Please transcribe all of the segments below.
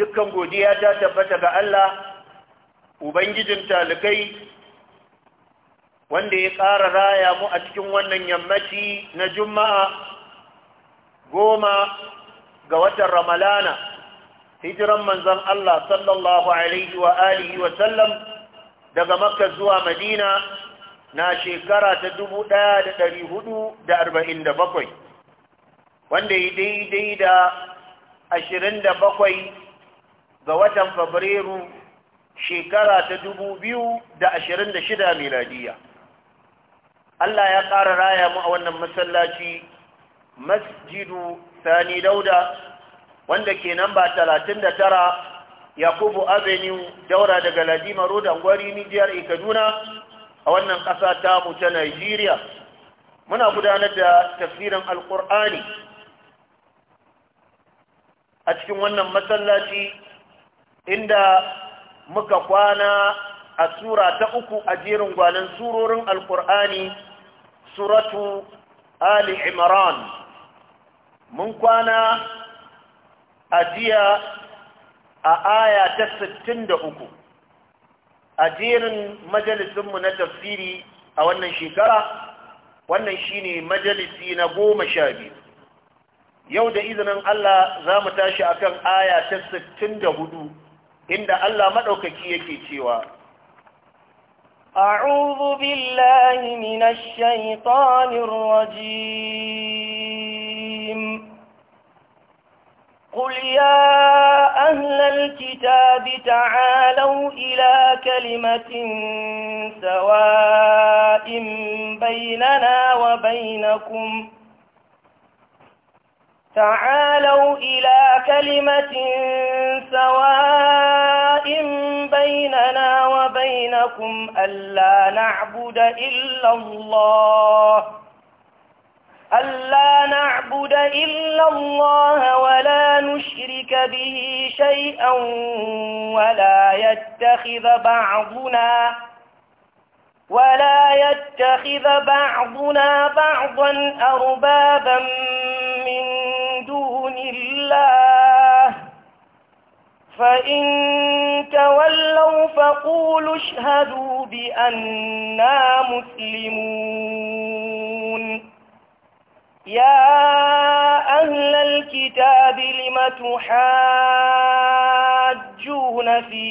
dukkan godiya ta tabbata ga Allah ubangijin talikai wanda ya ƙara raya mu a cikin wannan yammaci na juma'a goma ga watan ramalana hijiran manzon Allah sallallahu alaihi wa alihi wa sallam daga makka zuwa madina na shekara ta dubu ɗaya da ɗari hudu da arba'in da bakwai wanda ya daidai da ashirin da bakwai ga watan fabrairu shekara ta dubu biyu da ashirin da shida miladiya Allah ya ƙara raya mu a wannan masallaci masjidu sani dauda wanda ke nan ba talatin da tara yakubu avenue daura daga ladima road angwari nijiyar kaduna a wannan ƙasa tamu ta nigeria muna gudanar da tafsirin alƙur'ani a cikin wannan masallaci inda muka kwana a sura ta uku a jerin gwanin surorin alkur'ani suratu ali imran mun kwana a jiya a aya ta 63 a jerin majalisinmu na tafsiri a wannan shekara wannan shine majalisi na goma sha biyu yau da izinin Allah za mu tashi akan aya ta 64 inda Allah madaukaki yake cewa أعوذ بالله من الشيطان الرجيم قل يا أهل الكتاب تعالوا إلى كلمة سواء بيننا وبينكم تعالوا إلى كلمة سواء بيننا وبينكم ألا نعبد إلا الله ألا نعبد إلا الله ولا نشرك به شيئا ولا يتخذ بعضنا ولا يتخذ بعضنا بعضا أربابا الله فإن تولوا فقولوا اشهدوا بأننا مسلمون يا أهل الكتاب لم تحاجون في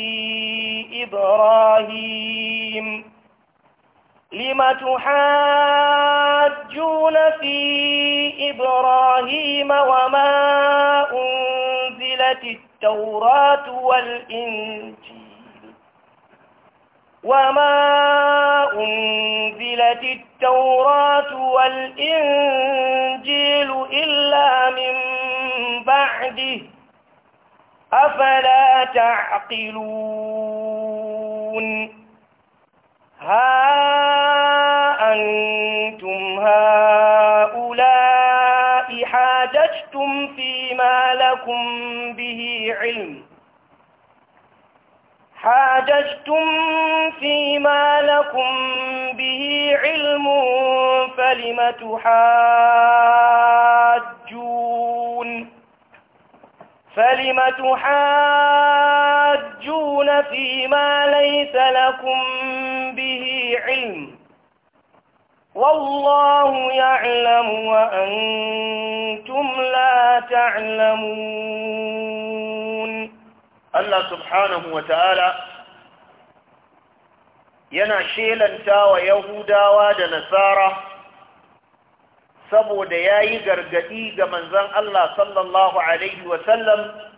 إبراهيم لم تحاجون في إبراهيم وما أنزلت التوراة والإنجيل وما أنزلت التوراة والإنجيل إلا من بعده أفلا تعقلون ها أنتم هؤلاء حاججتم فيما لكم به علم حاججتم فيما لكم به علم فلم تحاجون فلم تحاجون ترجون فيما ليس لكم به علم والله يعلم وأنتم لا تعلمون الله سبحانه وتعالى yana shelanta wa Yahudawa da Nasara saboda ya yi gargaɗi ga manzon Allah sallallahu Alaihi wasallam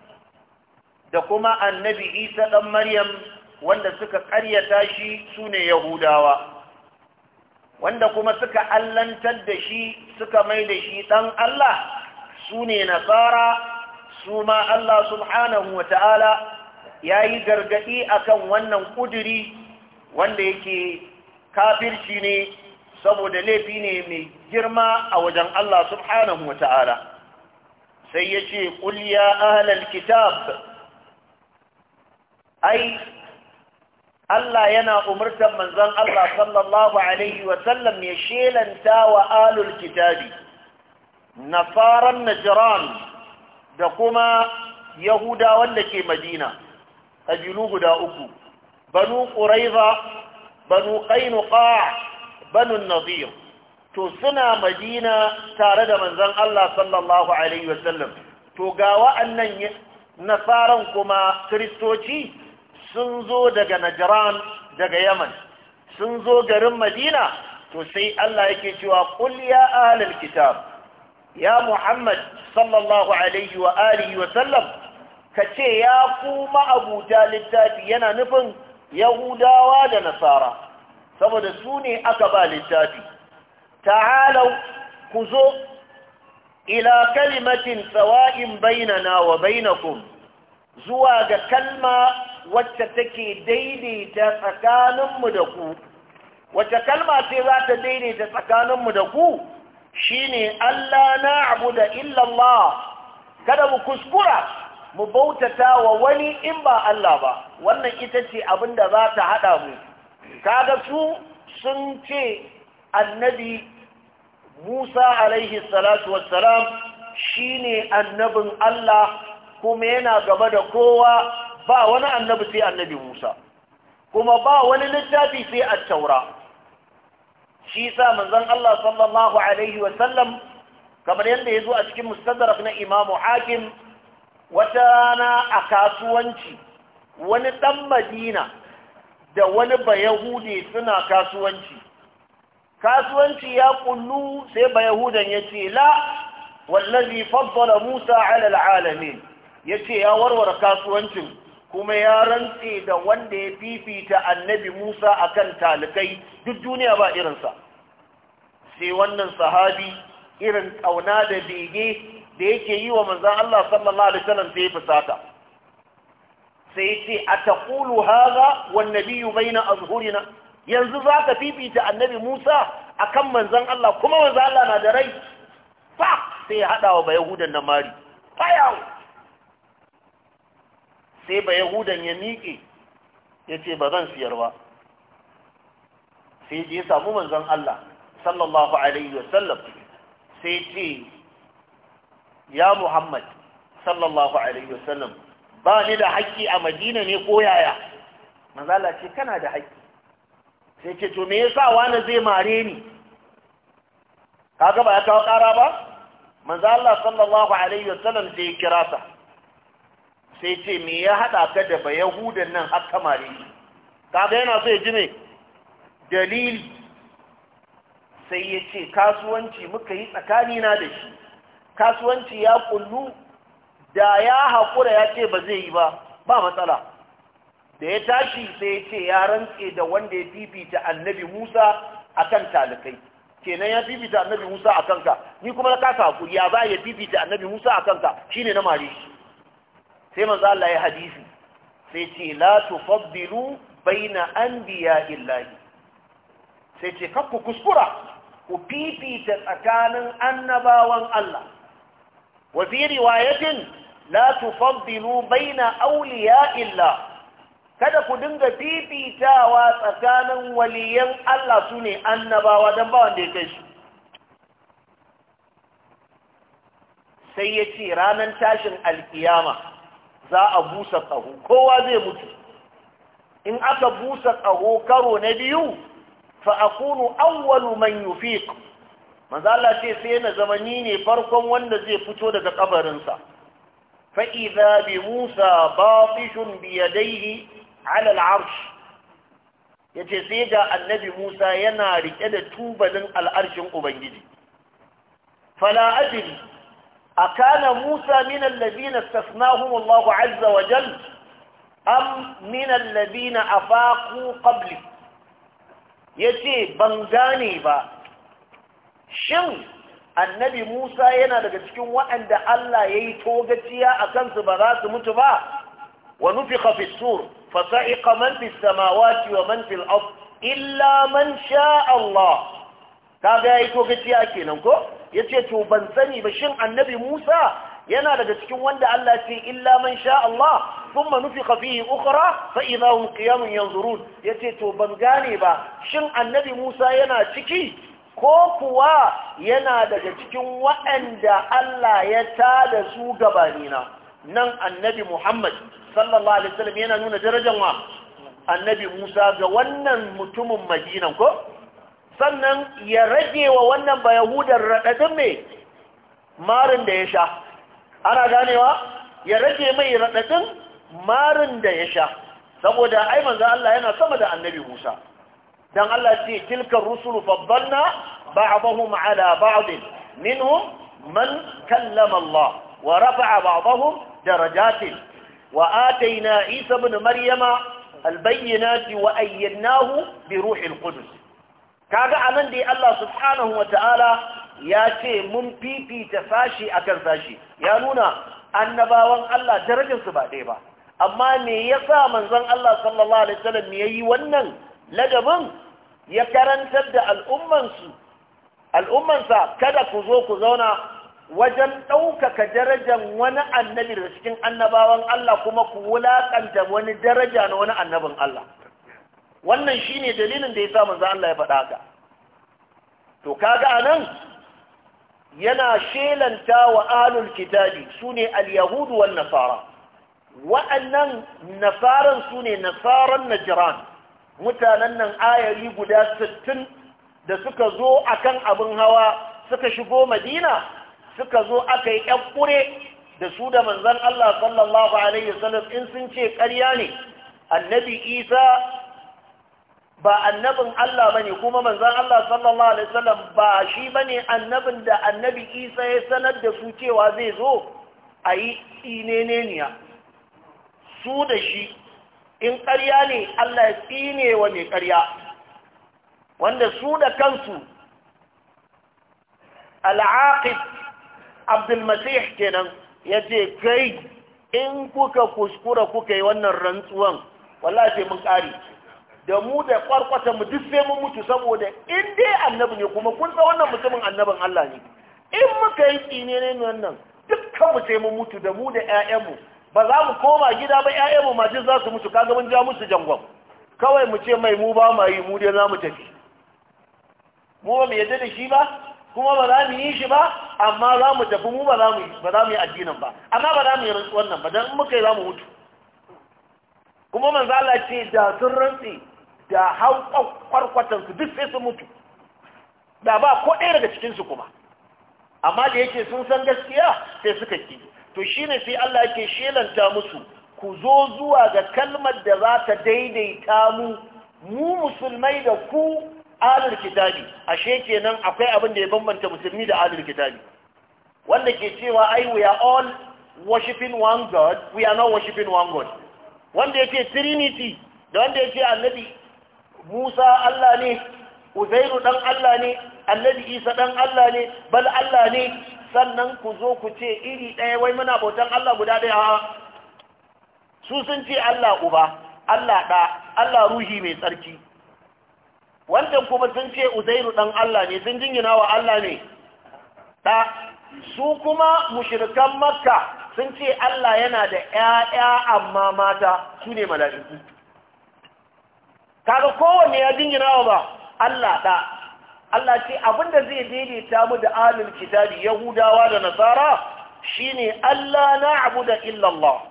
da kuma annabi isa ɗan maryam wanda suka ƙaryata shi su ne yahudawa wanda kuma suka allantar da shi suka mai da shi ɗan allah su ne nasara su ma allah subhanahu wa ta'ala ya yi gargaɗi akan wannan ƙuduri wanda yake kafirci ne saboda laifi ne mai girma a wajen Allah subhanahu wa ta'ala sai ya ce ƙulya ahalar kitab ai Allah yana umartar manzon Allah sallallahu alaihi wa sallam ya shelanta wa alul kitabi nasaran najran da kuma Yahuda, wanda ke madina kabilu guda uku banu quraiza banu qainuqa banu nadir to suna madina tare da manzon Allah sallallahu alaihi sallam. to ga wa'annan nasaran kuma kristoci sun zo daga najran daga yaman sun zo garin madina to sai Allah yake cewa qul ya ahlal kitab ya muhammad sallallahu alaihi wa alihi wa sallam kace ya kuma abuta littafi yana nufin yahudawa da nasara saboda su ne aka ba littafi ta'alau ku zo ila kalimatin tsawa'in bainana wa bainakum zuwa ga kalma wacce take daidaita tsakaninmu da ku wacce kalma ce za ta daidaita tsakaninmu da ku shine Allah na abu da illallah kada mu kuskura mu bautata wa wani in ba Allah ba wannan ita ce abin da za ta haɗa mu kaga su sun ce annabi Musa alaihi salatu wassalam shine annabin Allah kuma yana gaba da kowa ba wani annabi sai annabi Musa kuma ba wani littafi sai at-taura shi yasa manzon Allah sallallahu alaihi wa sallam kamar yadda yazo a cikin mustadrak na Imam Hakim wata na a kasuwanci wani dan Madina da wani bayahudi suna kasuwanci kasuwanci ya kullu sai bayahudan yace la wallazi faddala Musa ala al-alamin yace ya warware kasuwancin kuma ya rantse da wanda ya fifita annabi Musa akan talikai duk duniya ba irinsa sai wannan sahabi irin tsauna da bege da yake yi wa manzan Allah sallallahu Alaihi wasallam sai fusata sai ce a taƙulu hara wanne biyu bai na azhurina yanzu za ka fifita annabi Musa akan manzan Allah kuma manzan Allah na da rai fa sai ya haɗawa wa bayahudan na mari sai ba yahudan ya miƙe ya ce ba zan siyar ba sai je ya samu manzon Allah sallallahu alaihi wasallam sai ce ya Muhammad sallallahu alaihi wasallam ba ni da haƙƙi a Madina ne ko yaya manzon Allah ce kana da haƙƙi sai ce to me yasa wani zai mare ni kaga ba ya kawo ƙara ba manzon Allah sallallahu alaihi wasallam sai ya kira sa sai ce me ya haɗa ka da ba yahudan nan har mare. shi kaga yana so ya ji me dalili sai ya ce kasuwanci muka yi tsakani na da shi kasuwanci ya kullu da ya haƙura ya ce ba zai yi ba ba matsala da ya tashi sai ya ce ya rantse da wanda ya fifita annabi musa akan talikai kenan ya fifita annabi musa akan ka ni kuma na kasa haƙuri ya za ya fifita annabi musa akan Shi ne na mare shi sai manzo Allah ya hadisi sai ce la tufaddilu baina anbiya'illahi sai ce ku kuskura ku fifita tsakanin annabawan Allah wa fi riwayatin la tufaddilu baina awliya'illah kada ku dinga fifitawa tsakanin waliyan Allah sune annabawa don ba wanda ya kai sai ya ce ranar tashin alkiyama za a busa ƙaho kowa zai mutu in aka busa ƙaho karo na biyu fa akunu awwalu man yufiq manzo Allah ce sai na zamani ne farkon wanda zai fito daga kabarinsa fa idza bi Musa batishun bi yadayhi ala al-arsh yace sai ga annabi Musa yana rike da tubalin al'arshin ubangiji fala ajri أكان موسى من الذين استثناهم الله عز وجل na من الذين أفاقوا قبله ban gane ba shin annabi Musa yana daga cikin waɗanda Allah ya yi togaciya a kansu ba za su mutu ba wa nufika fi sur fa sa'iqa man fi wa man fi illa man sha Allah kaga yayi togaciya kenan ko ya ce to ban sani ba shin annabi musa yana daga cikin wanda allah ce illa man sha allah sun manufi kafihi ukura fa ina hun kiyamun yanzurun ya ce to ban gane ba shin annabi musa yana ciki ko kuwa yana daga cikin waɗanda allah ya ta da su gabanina nan annabi muhammad sallallahu alaihi wasallam yana nuna darajan wa annabi musa ga wannan mutumin madinan ko sannan ya rage wa wannan ba yahudar raɗaɗin mai marin da ya sha ana ganewa ya rage mai raɗaɗin marin da ya sha saboda ai manzo Allah yana sama da annabi Musa dan Allah ce tilka rusulu faddalna ba'dahum ala ba'd minhum man kallama Allah wa rafa'a da darajatin wa atayna Isa bin Maryama البينات bi ruhin القدس kaga anan da Allah subhanahu wataala ya ce mun fifita sashi akan sashi ya nuna annabawan Allah darajarsu ba ɗaya ba amma me yasa manzon Allah sallallahu alaihi wasallam yayi wannan ladabin ya karantar da al'ummansu al'ummansa kada ku zo ku zauna wajen ɗaukaka darajar wani annabi da cikin annabawan Allah kuma ku wulaƙanta wani daraja na wani annabin Allah wannan shine dalilin da yasa manzo Allah ya faɗa haka to kaga anan yana shelanta wa ahlul kitabi ne al-yahud wan nasara wa'annan nasaran sune nasaran najran mutanen nan ayari guda 60 da suka zo akan abin hawa suka shigo madina suka zo aka yi ƙure da su da manzan Allah sallallahu Alaihi wasallam in sun ce ƙarya ne annabi isa ba annabin Allah bane kuma manzan Allah sallallahu alaihi wasallam ba shi bane annabin da annabi Isa ya sanar da su cewa zai zo a ayi tsineneniya su da shi in karya ne Allah ya tsine wa mai ƙarya wanda su da kansu al'aqib Abdul Masih ya yace kai in kuka kuskura kuka yi wannan rantsuwan wallahi mun ƙari da mu da kwarkwata mu duk sai mun mutu saboda in dai annabi ne kuma kun san wannan mutumin annabin Allah ne in muka yi tsine ne wannan dukkan mu sai mun mutu da mu da ƴaƴanmu ba za mu koma gida ba ƴaƴanmu ma duk za su mutu kaga mun ja musu jangon kawai mu ce mai mu ba ma yi mu dai za mu tafi mu ba mu yadda da shi ba kuma ba za mu yi shi ba amma za mu tafi mu ba za mu yi addinin ba amma ba za mu yi wannan ba don muka yi za mu mutu kuma manzala ce da sun rantsi da hau kwarkwatansu duk sai sun mutu da ba ko ɗaya daga cikinsu kuma amma da yake sun san gaskiya sai suka ki to shi ne sai Allah yake shelanta musu ku zo zuwa ga kalmar da za ta daidaita mu mu musulmai da ku alul kitabi ashe kenan akwai abin da ya bambanta musulmi da alul kitabi wanda ke cewa ai we are all worshiping one god we are not worshiping one god wanda yake trinity da wanda yake annabi Musa Allah ne Uzairu dan Allah ne Annabi Isa dan Allah ne bal Allah ne sannan ku zo ku ce iri ɗaya wai muna bautan Allah guda ɗaya ha. su sun ce Allah uba Allah ɗa Allah ruhi mai tsarki wancan kuma sun ce Uzairu dan Allah ne sun jingina wa Allah ne ɗa su kuma mushirkan Makka sun ce Allah yana da 'ya'ya, amma mata su ne mala'iku kaga kowanne ya jingina wa ba Allah da Allah ce abinda zai daidaita mu da ahlul kitabi yahudawa da nasara shine Allah na'budu illa Allah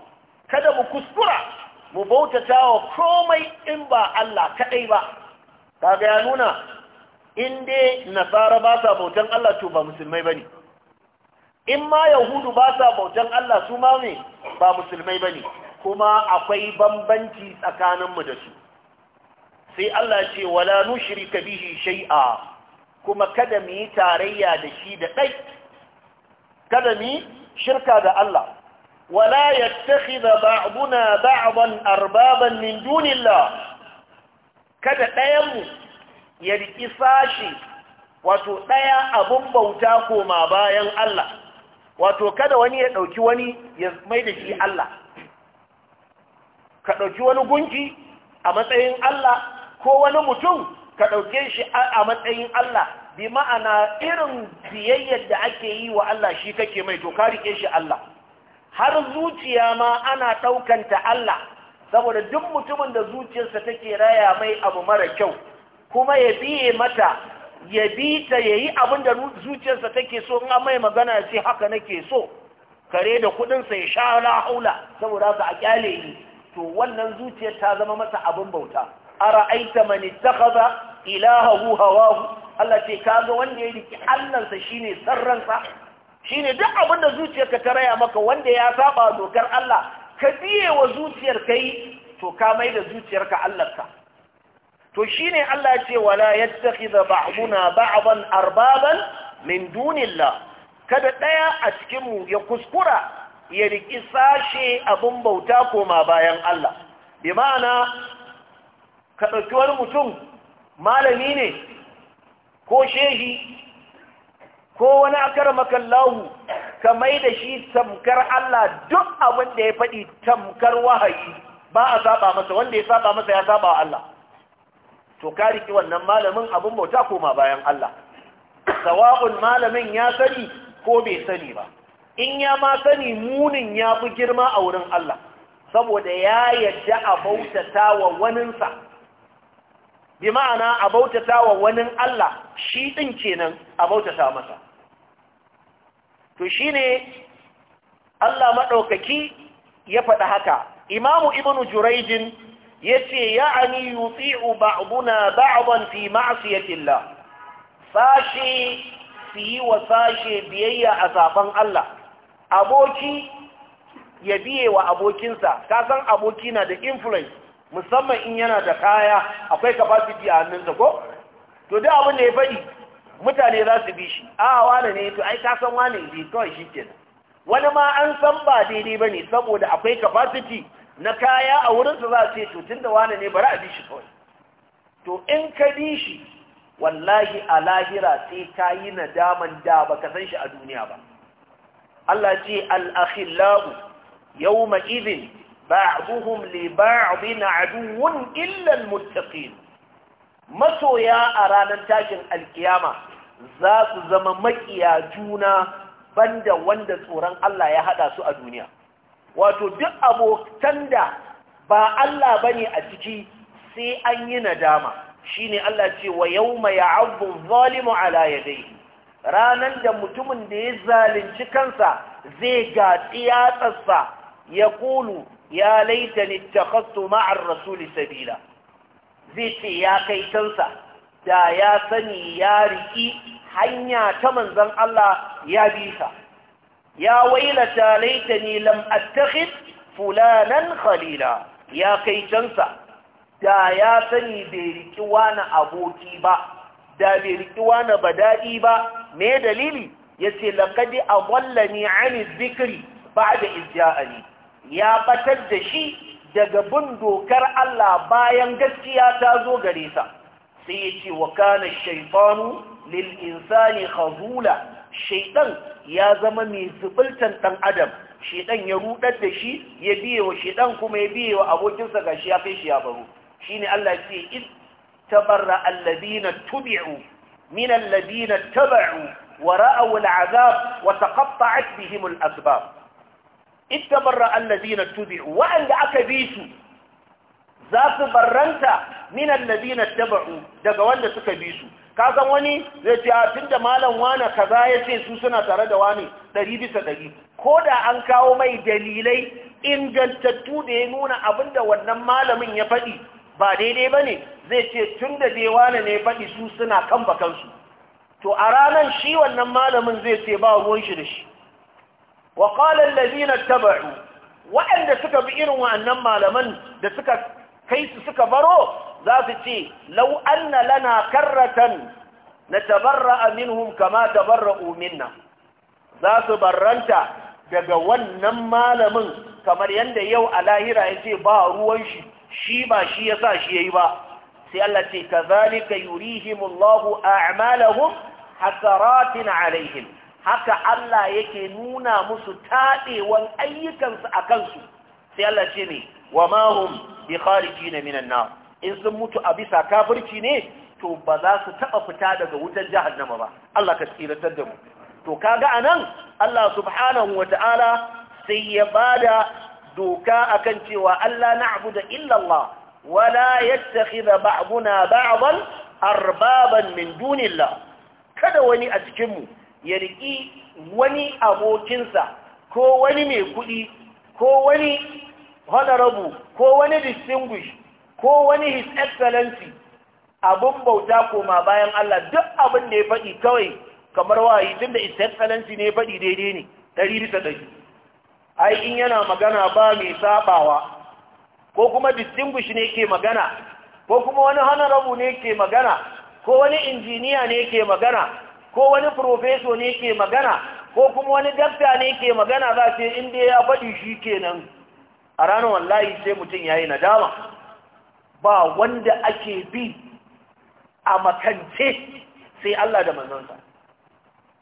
kada mu kuskura mu bautata wa komai in ba Allah kadai ba kaga ya nuna in dai nasara ba sa bautan Allah to ba musulmai bane in ma yahudu ba sa bautan Allah su ma ne ba musulmai bane kuma akwai bambanci tsakaninmu da su sai Allah ce wala nushrika bihi shay'a kuma kada mu yi tarayya da shi da dai kada mu shirka da Allah wala yattakhidha ba'duna ba'dan arbaban min dunillah kada ɗayan mu ya riki sashi wato ɗaya abun bauta koma bayan Allah wato kada wani ya ɗauki wani ya maida shi Allah ka ɗauki wani gunki a matsayin Allah ko wani mutum ka ɗauke shi a matsayin Allah bi ma'ana irin biyayyar da ake yi wa Allah shi kake mai to ka rike shi Allah har zuciya ma ana ɗaukanta Allah saboda duk mutumin da zuciyarsa take raya mai abu mara kyau kuma ya biye mata ya bi ta ya yi abin da zuciyarsa take so in mai magana sai haka nake so kare da kuɗinsa ya sha haula saboda haka a kyale yi to wannan zuciyar ta zama masa abin bauta ara'aita man ittakhadha ilahahu hawahu Allah ce kaga wanda ya riki allansa shine sarransa shine duk abin da zuciyarka ta raya maka wanda ya saba dokar Allah ka biye wa zuciyar kai to ka mai da zuciyarka Allahnka to shine Allah ce wala yattakhidha ba'duna ba'dan arbaban min dunillah kada daya a cikin mu ya kuskura ya riki sashe abin bauta koma bayan Allah bi ma'ana ka ɗauki wani mutum malami ne ko shehi ko wani akar makallahu ka mai da shi tamkar Allah duk abin da ya faɗi tamkar wahayi ba a saba masa wanda ya saba masa ya saba wa Allah to ka riki wannan malamin abin bauta koma bayan Allah sawa'un malamin ya sani ko bai sani ba in ya ma sani munin ya fi girma a wurin Allah saboda ya yadda a bautata wa waninsa bi ma'ana a bautata wa wani Allah shi ɗin kenan a masa to shi ne Allah maɗaukaki ya faɗa haka imamu Ibn juraijin ya ce ya'ani yutsi'u ba'buna ba'ban fi ma'asiyatillah sashe su yi wa sashe biyayya a safan Allah aboki ya biye wa abokinsa kasan aboki na da influence musamman in yana da kaya akwai capacity a hannunsa ko to duk abin da ya faɗi mutane za su bi shi a wane ne to ai ka san wane ne kawai shi nan. wani ma an san ba daidai ba ne saboda akwai capacity na kaya a wurinsa za su ce to tun da wane ne bari a bi shi kawai to in ka bi shi wallahi a lahira sai ka yi nadaman da ba ka san shi a duniya ba Allah ce Al al'akhillahu yawma idhin ba'duhum li ba'din aduwwun illa almuttaqin masoya a ranar tashin alkiyama za su zama makiya juna banda wanda tsoron Allah ya haɗa su a duniya wato duk abokatan da ba Allah bane a ciki sai an yi nadama shine Allah ce wa yawma ya'abbu adh-dhalimu ya dai. ranan da mutumin da ya zalunci kansa zai ga sa ya kulu ya laitani takhattu ma'ar rasuli sabila zai ce ya kai tansa da ya sani ya riki hanya ta manzon Allah ya bisa. ya wailata laitani lam attakhid fulanan khalila ya kai tansa da ya sani bai riki wani aboki ba da bai riki wani badadi ba me dalili ya ce yace laqad awallani 'ani dhikri ba'da izja'ani ya batar da shi daga bin dokar Allah bayan gaskiya ta zo gare sa sai ya ce wa kana shaytanu lil insani khazula Shaiɗan ya zama mai zubultan dan adam shaytan ya rudar da shi ya biye wa shaytan kuma ya biye wa abokinsa gashi ya kai shi ya baro shine Allah ya ce in tabarra alladhina tubi'u min alladhina tabu wa ra'aw al'azab wa taqatta'at bihim al'asbab ittabarra allazina tubi'u wa'anda aka bi su za su barranta min allazina taba'u daga wanda suka bi su ka san wani zai ce a tunda malam wani kaza ya ce su suna tare da wani ɗari bisa ɗari ko da an kawo mai dalilai ingantattu da ya nuna abin da wannan malamin ya faɗi ba daidai ba ne zai ce tun da dai wani ne faɗi su suna kan bakansu to a ranan shi wannan malamin zai ce ba ruwan shi da shi wa qala ta tabu waɗanda suka bi irin wa'annan malaman da suka kai su suka baro za su ce lau anna lana karratan tabarra minhum kama tabarra'u minna za su barranta daga wannan malamin kamar yadda yau a lahira ya ce ba ruwan shi shi ba shi ya sa shi ya yi ba sai Allah ce ka zalika yurihimullahu a'malahum hasaratin alaihim haka Allah yake nuna musu taɗewan ayyukansu a kansu sai Allah ce ne wa mahum bi na minan na. in sun mutu a bisa kafirci ne to ba za su taɓa fita daga wutar jahannama ba Allah ka tsiratar da mu to kaga anan Allah subhanahu wata'ala sai ya bada doka akan cewa Allah na'budu illa Allah wala yattakhidha ba'duna ba'dan arbaban min dunillah kada wani a cikin mu ya riƙi wani abokinsa ko wani mai kuɗi ko wani honorable ko wani distinguish ko wani his excellency abin bauta koma bayan Allah duk abin da ya faɗi kawai kamar wayi da his excellency ne ya faɗi daidai ne ɗari bisa ɗari ai in yana magana ba mai sabawa ko kuma distinguish ne ke magana ko kuma wani honorable ne ke magana ko wani injiniya ne ke magana ko wani profeso ne ke magana ko kuma wani dakta ne ke magana za ce inda ya faɗi shi kenan a ranar wallahi sai mutum ya yi nadama ba wanda ake bi a makance sai Allah da manzansa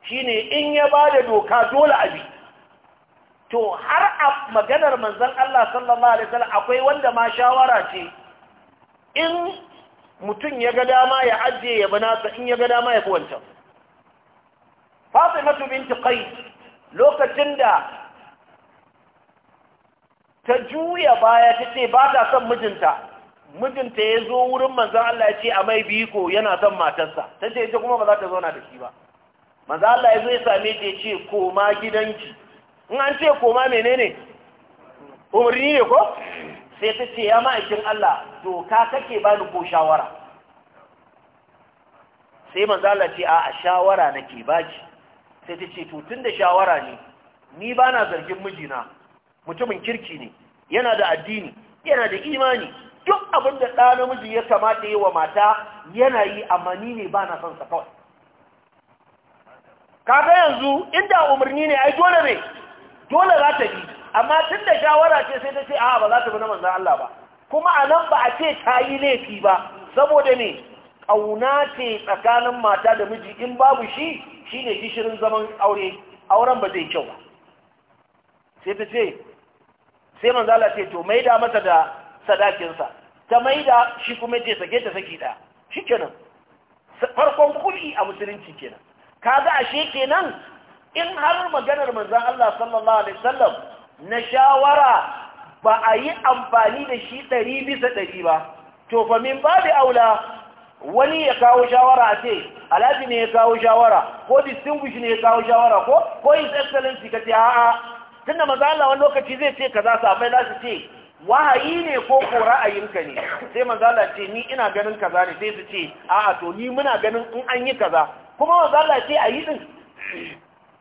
shi ne in ya ba da doka dole a bi to har a maganar manzan Allah sallallahu Alaihi wasallam akwai wanda ma shawara ce in mutum ya ga dama ya ajiye ya bi nasa in ya ga dama ya fi wancan fatimatu binti qais lokacin da ta juya baya ta ce ba ta son mijinta mijinta ya zo wurin manzan Allah ya ce a mai biko yana son matarsa ta ce ita kuma ba za ta zauna da shi ba manzan Allah ya zo ya same ta ya ce koma gidanki in an ce koma menene umarni ne ko sai ta ce ya ma'aikin Allah doka kake bani ko shawara sai manzan Allah ce a shawara nake baki sai ta ce to tun da shawara ne ni ba na zargin mijina mutumin kirki ne yana da addini yana da imani duk abin da ɗa namiji ya kamata yi wa mata yana yi amma ni ne ba na son sa kawai kaga yanzu inda umarni ne ai dole ne dole za ta bi amma tun da shawara ce sai ta ce a ba za ta bi na manzan Allah ba kuma a nan ba a ce ta yi laifi ba saboda ne ƙauna ce tsakanin mata da miji in babu shi Shi ne gishirin zaman aure auren ba zai kyau ba sai ta ce sai man zala ce to maida masa da sadakinsa ta mai da shi kuma ce sake ta saki da kenan farkon kuɗi a musulunci kenan Ka a ashe kenan in har maganar manzo Allah sallallahu alaihi wasallam na shawara ba a yi amfani da shi ɗari bisa ɗari ba to fa min babu aula wani ya kawo shawara a ce alhaji ne ya kawo shawara ko distinguish ne ya kawo shawara ko ko his excellency ka ce a'a tunda maza Allah wani lokaci zai ce kaza safai za su ce wahayi ne ko ko ra'ayinka ne sai maza Allah ce ni ina ganin kaza ne sai su ce a'a to ni muna ganin in an yi kaza kuma maza Allah ce a yi din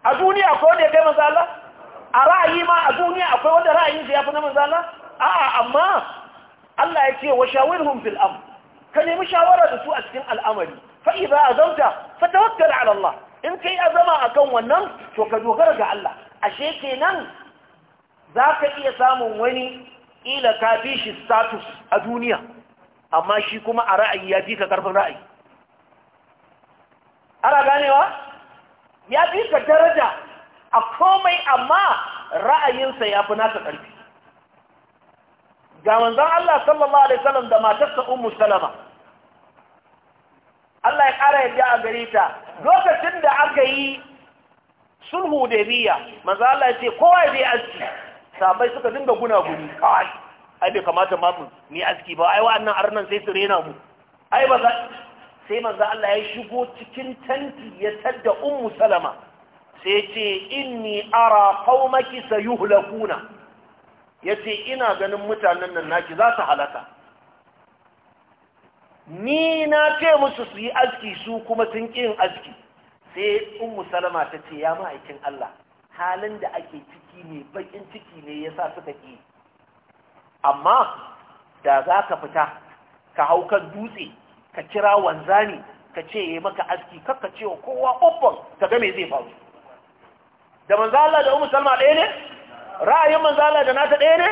a duniya ko ne kai maza Allah a ra'ayi ma a duniya akwai wanda ra'ayin ya yafi na maza Allah a'a amma Allah ya ce wa shawirhum fil amr ka nemi shawara da su a cikin al'amari fa idza a fatawakkal ala Allah in yi azama akan wannan to ka dogara ga Allah ashe kenan zaka iya samun wani ila ka fi shi status a duniya amma shi kuma a ra'ayi ya fi ka karfin ra'ayi ana ganewa ya fi ka daraja a komai amma ra'ayinsa ya fi naka karfi ga manzon Allah sallallahu alaihi wasallam da matarsa ummu salama Allah ya ƙara yarda a gare ta lokacin da aka yi sulhu da biya manzo Allah ya ce kowa zai aski sabai suka dinga guna guni kawai ai bai kamata ma mu ni aski ba ai wa'annan arnan sai su rena mu ai ba za sai manzo Allah ya shigo cikin tanti ya tadda ummu salama sai ya ce inni ara qaumaki sayuhlakuna ya ce ina ganin mutanen nan naki za su halaka ni na ce musu su yi aski su kuma sun ƙin aski sai ummu salama ta ce ya ma'aikin Allah halin da ake ciki ne bakin ciki ne ya sa suka ƙi amma da za ka fita ka hau kan dutse ka kira wanzani ka ce ya maka aski kakka cewa kowa uban ka ga me zai faru da manzo da ummu salama ɗaya ne ra'ayin Allah da nata ɗaya ne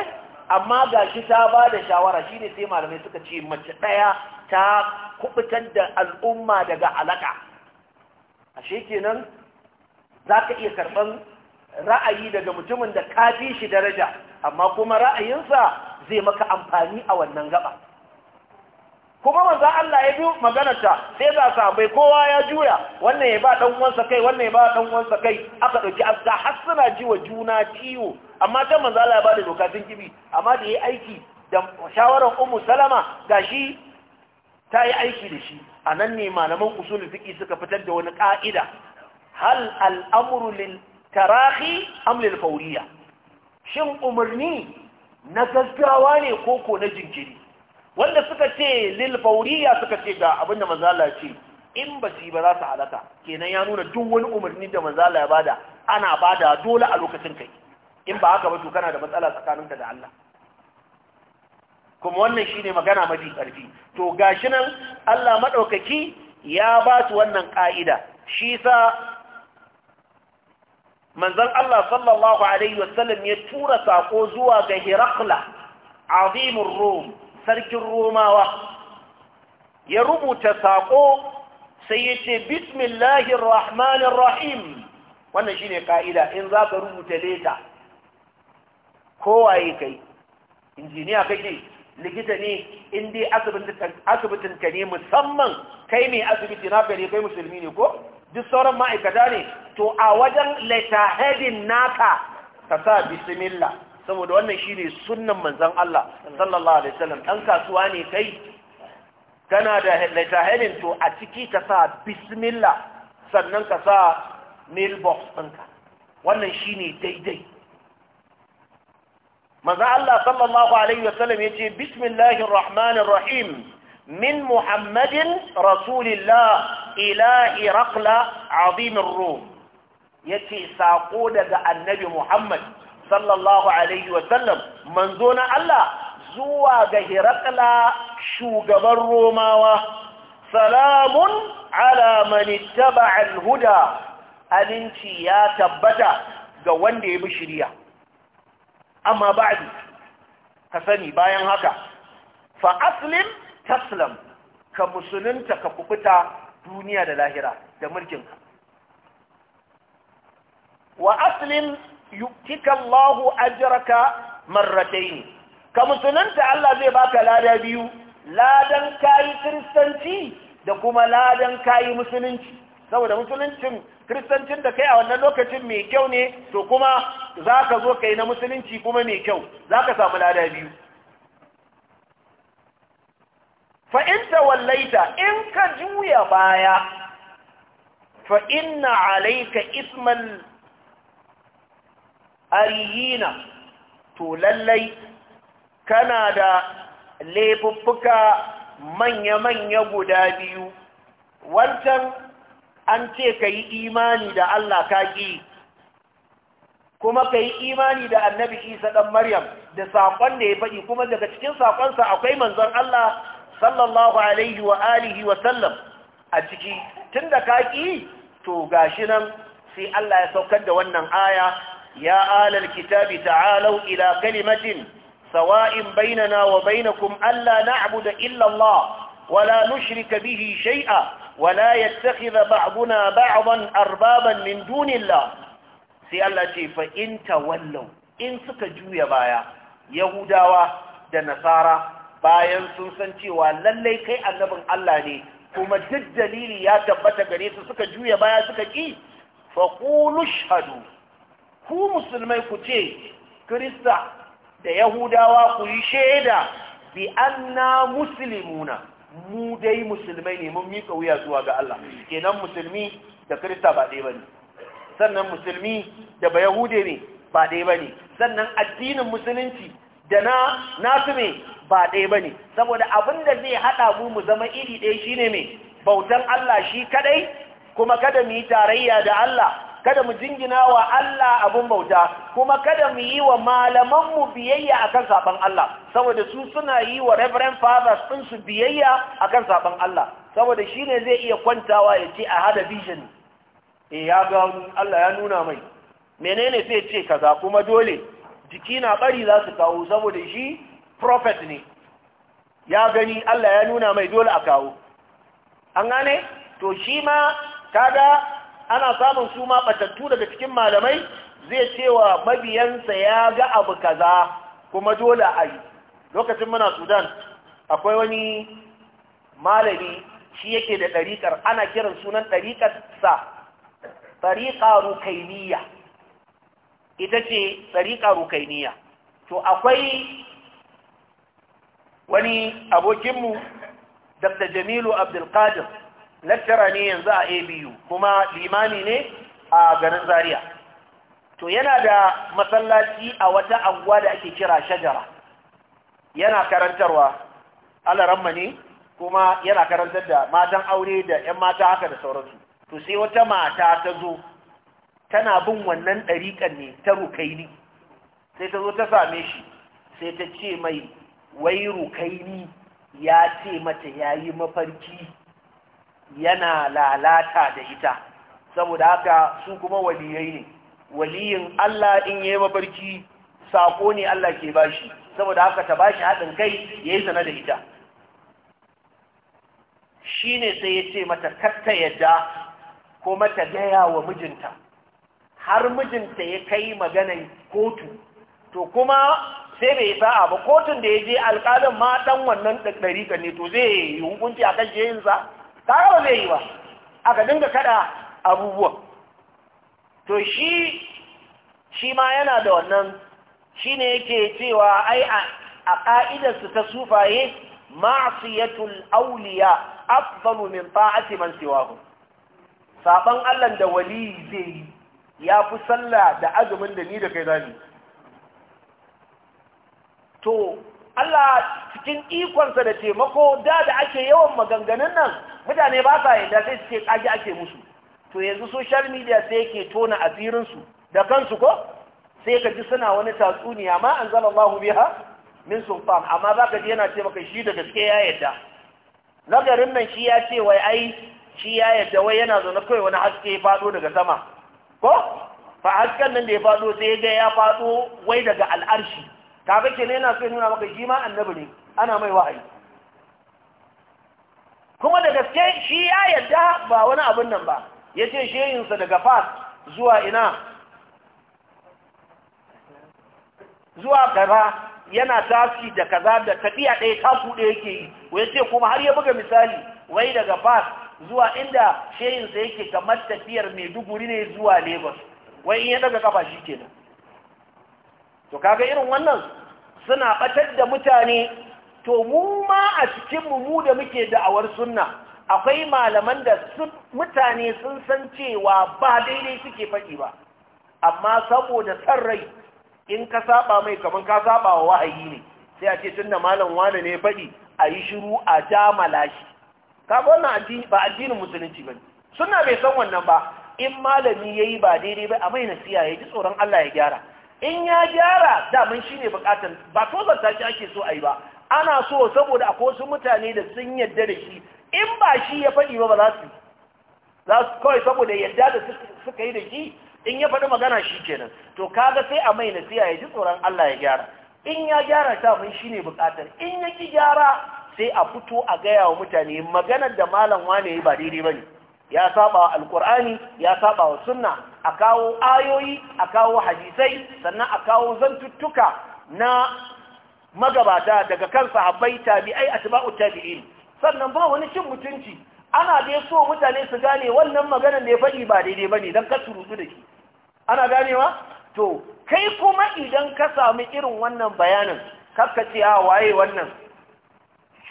amma ga shi ta ba da shawara shine ne sai malamai suka ce mace ɗaya ta kubutar da al'umma daga alaka ashe kenan za ka iya karɓar ra'ayi daga mutumin da ka fi shi daraja amma kuma ra'ayinsa zai maka amfani a wannan gaba kuma manzan Allah ya biyu maganarta sai sa bai kowa ya juya wannan ya ba dan uwansa kai wannan ya ba dan uwansa kai aka ɗauki aska har suna ji wa juna ciwo amma ta manzan Allah ya ba da doka sun kibi amma da yayi aiki da shawaran ummu salama gashi ta yi aiki da shi anan ne malaman usul fiqi suka fitar da wani ƙa'ida? hal al-amru lil tarahi am lil fawriya shin umarni na gaggawa ne koko na jinkiri wanda suka ce lil fauriya suka ce ga abinda manzala ce in ba su ba za su halaka kenan ya nuna duk wani umarni da manzala ya bada ana bada dole a lokacin kai in ba haka ba to kana da matsala tsakaninka da Allah kuma wannan shine magana mafi karfi to gashi nan Allah maɗaukaki ya ba su wannan ƙa'ida. shi sa manzon Allah sallallahu alaihi wasallam ya tura sako zuwa ga Hirakla azimin Rum sarkin romawa ya rubuta saƙo sai ya ce bismillahir rahmanir rahim wannan shine ka'ida in za ka rubuta leta kowaye kai injiniya kake likita ne in dai asibitin ka ne musamman kai mai asibiti na kare kai musulmi ne ko duk sauran ma'aikata ne to a wajen leta naka ka sa bismillah saboda wannan shi ne sunan manzan Allah sallallahu alaihi wasallam dan kasuwa ne kai tana da littafin to a ciki ka sa bismillah sannan ka sa mailbox ɗinka wannan shi ne daidai Manzan Allah sallallahu alaihi wasallam ce bismillahir rahmanir rahim muhammadin rasulillah رسول الله إلى إرقل عظيم الروم saƙo daga annabi محمد sallallahu alaihi wasallam manzo na Allah zuwa ga Hirakla shugaban Romawa salamun ala man ittaba'a al ya tabbata ga wanda ya bi shiriya amma ba'du ka sani bayan haka fa aslim taslam ka musulunta ka kubuta duniya da lahira da mulkinka wa aslim yu'tika Allahu ajraka marratayn ka musulunta Allah zai baka lada biyu ladan kayi kristanci da kuma ladan kayi musulunci saboda musuluncin kristancin da kai a wannan lokacin mai kyau ne to kuma zaka zo kai na musulunci kuma mai kyau zaka samu lada biyu fa in tawallaita in ka juya baya fa inna alayka isman ariyina to lallai kana da laifuffuka manya-manya guda biyu wancan an ce ka yi imani da Allah ka ƙi kuma ka yi imani da annabi isa ɗan maryam da saƙon da ya faɗi kuma daga cikin saƙonsa akwai manzon Allah sallallahu alaihi wa alihi wa sallam a ciki tun da ka ƙi to gashi nan sai Allah ya saukar da wannan aya يا آل الكتاب تعالوا إلى كلمة سواء بيننا وبينكم ألا نعبد إلا الله ولا نشرك به شيئا ولا يتخذ بعضنا بعضا أربابا من دون الله sai Allah ce fa in in suka juya baya yahudawa da nasara bayan sun san cewa lallai kai annabin Allah ne kuma duk dalili ya tabbata gare su suka juya baya suka ƙi? fa qulu ku musulmai ku ce krista da yahudawa ku yi shaida bi anna muslimuna mu dai musulmai ne mun mika wuya zuwa ga Allah kenan musulmi da krista ba ɗaya bane sannan musulmi da ba yahude ne ba ɗaya bane sannan addinin musulunci da na nasu ne ba ɗaya bane saboda abin da zai haɗa mu mu zama iri ɗaya shine me bautan Allah shi kadai kuma kada mu yi tarayya da Allah kada mu jingina wa Allah abun bauta kuma kada mu yi wa mu biyayya akan saban Allah saboda su suna yi wa reverend fathers din su biyayya akan saban Allah saboda shine zai iya kwantawa ya ce a hada vision eh ya ga Allah ya nuna mai menene sai ce kaza kuma dole jiki na bari za su kawo saboda shi prophet ne ya gani Allah ya nuna mai dole a kawo an gane to shi ma kaga ana samun su ma batattu daga cikin malamai zai cewa mabiyansa ya ga abu kaza kuma dole a yi lokacin muna sudan akwai wani malami shi yake da ɗariƙar ana kiran sunan ɗariƙar sa ɗariƙa rukainiya ita ce ɗariƙa rukainiya to akwai wani abokinmu dr jamilu abdulkadir lattara ne yanzu a abu kuma Limani ne a garin zaria to yana da masallaci a wata anguwa da ake kira shajara yana karantarwa alaramma ne kuma yana karantar da matan aure da 'yan mata haka da sauransu to sai wata mata ta zo tana bin wannan ɗariƙar ne ta rukaini sai ta zo ta same shi sai ta ce mai wai rukaini ya ce mata ya yi mafarki yana lalata da ita saboda haka su kuma waliyai ne waliyin Allah in yi mafarki sako ne Allah ke bashi saboda haka ta ba shi haɗin kai ya yi sana da ita Shi ne sai ya ce mata katta yadda ko mata gaya wa mijinta har mijinta ya kai magana kotu to kuma sai bai sa'a ba kotun da ya je alƙalin matan ɗan wannan ka ne to zai yi hukunci a kan jeyinsa kawo zai yi ba aka dinga kada abubuwa to shi shi ma yana da wannan shi ne yake cewa ai a ƙa'idarsu ta sufaye ma'asiyatul auliya afdalu min ta'ati man siwahu saban Allah da wali zai yi ya fi sallah da azumin da ni da kai zani to Allah cikin ikonsa da taimako da da ake yawan maganganun nan mutane ba sa yadda sai suke kage ake musu to yanzu social media sai yake tona asirinsu da kansu ko sai ka ji suna wani tatsuniya ma anzalallahu biha min sultan amma zaka ji yana ce maka shi da gaske ya yadda nagarin nan shi ya ce wai ai shi ya yadda wai yana zaune kai wani haske ya fado daga sama ko fa hasken nan da ya fado sai ga ya fado wai daga al'arshi kaga ne yana so nuna maka shi ma annabi ne ana mai wahayi kuma da gaske shi ya yarda ba wani abin nan ba ya ce shehinsa daga fas zuwa ina zuwa gaba yana tashi da kaza da tafiya ɗaya ta ɗaya yake yi wai ce kuma har ya buga misali wai daga fas zuwa inda shehinsa yake kamar tafiyar mai duguri ne zuwa lagos wai in ya daga kafa shi kenan to kaga irin wannan suna batar da mutane to mu ma a cikinmu mu da muke da'awar sunna akwai malaman da mutane sun san cewa ba daidai suke faɗi ba amma saboda san rai in ka saba mai kamar ka saba wa wahayi ne sai a ce tunda malam wane ne faɗi a yi shiru a jamala shi ka wannan ba addinin musulunci ba suna bai san wannan ba in malami ya yi ba daidai ba a mai nasiya ya ji tsoron Allah ya gyara in ya gyara daman shi ne bukatar ba tozarta shi ake so a yi ba ana so saboda akwai wasu mutane da sun yadda da shi in ba shi ya faɗi ba ba za su za kawai saboda yadda da suka yi da shi in ya faɗi magana shi kenan to kaga sai a mai nasiya ya ji tsoron Allah ya gyara in ya gyara mun shi ne bukatar in ya ki gyara sai a fito a gaya wa mutane maganar da malam wane ba daidai ba ne ya saba wa alkur'ani ya saba wa sunna a kawo ayoyi a kawo hadisai sannan a kawo zantuttuka na magabata daga kan sahabbai tabi'ai atba'u tabi'in sannan ba wani cin mutunci ana da so mutane su gane wannan maganar da ya faɗi ba daidai bane dan ka surutu da shi ana ganewa to kai kuma idan ka samu irin wannan bayanin kakka ce a waye wannan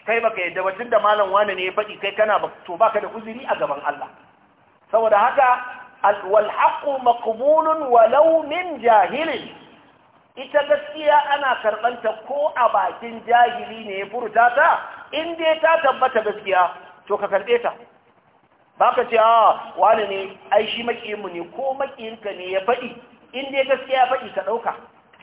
kai baka yadda ba tunda malam wane ne ya faɗi kai kana ba to baka da uzuri a gaban Allah saboda haka walhaƙo مقبول ولو من jahilin ita gaskiya ana karɓanta ko a bakin jahili ne ya furta ta in dai ta tabbata gaskiya to ka karɓe ta ba ka ce a ah, wani ne ai shi mu ne ko ka ne ya faɗi in dai gaskiya faɗi ka ɗauka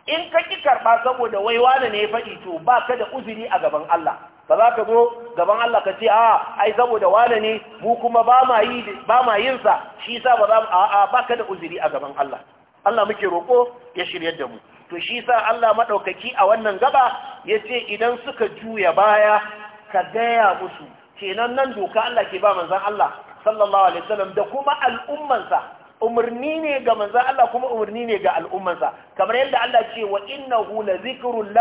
in ka ƙi karɓa saboda wai wani ne ya faɗi to ba ka da uzuri a gaban Allah ba za ka zo gaban Allah ka ce a ai saboda wane ne mu kuma ba ma yi yin sa shi ba za mu a a baka da uzuri a gaban Allah Allah muke roko ya shirya da mu to shi sa Allah madaukaki a wannan gaba ya ce idan suka juya baya ka gaya musu kenan nan doka Allah ke ba manzon Allah sallallahu alaihi wasallam da kuma al'ummansa umarni ne ga manzon Allah kuma umarni ne ga al'ummansa kamar yadda Allah ce wa innahu la